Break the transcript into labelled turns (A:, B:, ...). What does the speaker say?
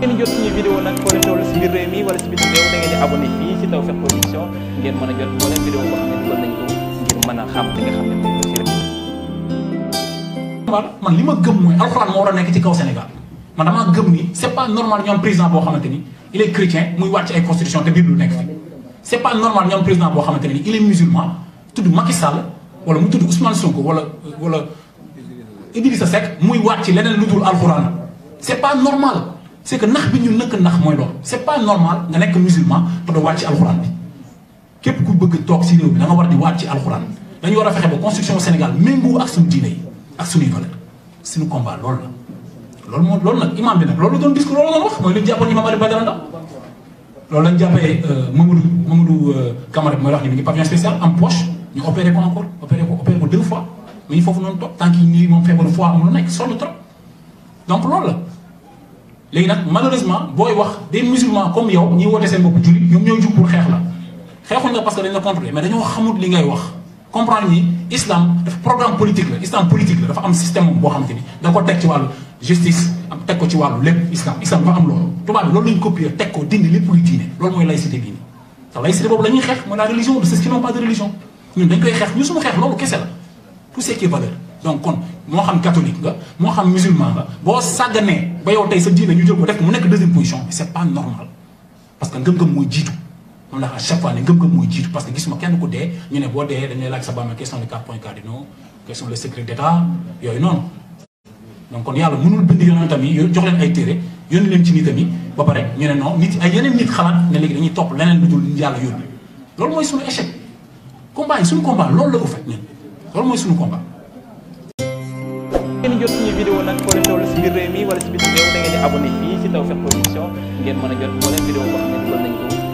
A: ngeen jot suñu vidéo nag foo leen toll si biir réew mi wala si biir réew a a man li ma gëm mooy alxuraan moo war a nekk ci kaw Sénégal man damaa gëm ni c'est pas normal ñoom président boo xamante ni il est chrétien muy wàcc ay constitution te bible nekk fi c'est pas normal ñoom président boo xamante ni il est musulman tudd Macky Sall wala mu tudd Ousmane Sonko wala wala sa Seck muy wàcc leneen lu dul alxuraan c'est pas normal c'est que nax bi ñu nëkk nax mooy loolu c'est pas normal nga nekk musulman te doo waat ci alxuraan bi képp ku bëgg toog si réew bi da nga war di waat ci a fexe ba constitution Sénégal méngoo ak suñu diine yi ak suñuy valeur suñu combat loolu loolu moo loolu nag imam bi nag loolu doon discours loolu doon wax mooy li ñu jàppoon lañ jàppee euh, Mamadou Mamadou euh, Camara bi mooy wax ni mi ngi pavillon spécial am poche ñu opéré ko encore opéré ko opéré ko deux fois mu ngi foofu noonu toog tant que nii moom feebaru fois am lu nekk sonn trop donc loolu la. léegi nag malheureusement booy wax des musulmans comme yow ñi woote seen bopp jullit ñoom ñoo jug pour xeex la xeexuñ la parce que dañ la contrôler mais dañoo xamut li ngay wax comprendre ni islam dafa programme politique la islam politique la dafa am système boo da ko teg ci wàllu justice am teg ko ci wàllu lépp islam islam loolu tubaab loolu lañ copier teg ko dindi lépp luy loolu mooy laïcité bii nii te laïcité boobu la xeex mooy la religion de ceux qui n'ont pas de religion ñun dañ koy xeex ñun suñu xeex loolu kese la tout donc kon moo xam catholique nga moo xam musulman nga boo sàgganee ba yow tey sa diine ñu jël ko def mu nekk deuxième position bi c'est pas normal parce que ngëm-ngëm mooy jiitu mu la chaque fois ne ngëm-ngëm mooy jiitu parce que gisuma kenn ku dee ñu ne boo dee dañu lay laaj sa bàmmeel quels sont les quatre points cardinaux quels sont les secrets d'état yooyu noonu donc kon yàlla mënul bind yonentam yi jox leen ay téere yónni leen ci nitam yi ba pare ñu ne non nit yeneen nit xalaat léegi dañuy topp leneen lu dul yàlla yónni loolu mooy suñu échec combat yi suñu loolu la ko fekk ñun loolu mooy ngeen si biir réew mi si biir réew da si Tawfekh Production ngeen mën a jot moo leen vidéo boo xam ne dugal nañ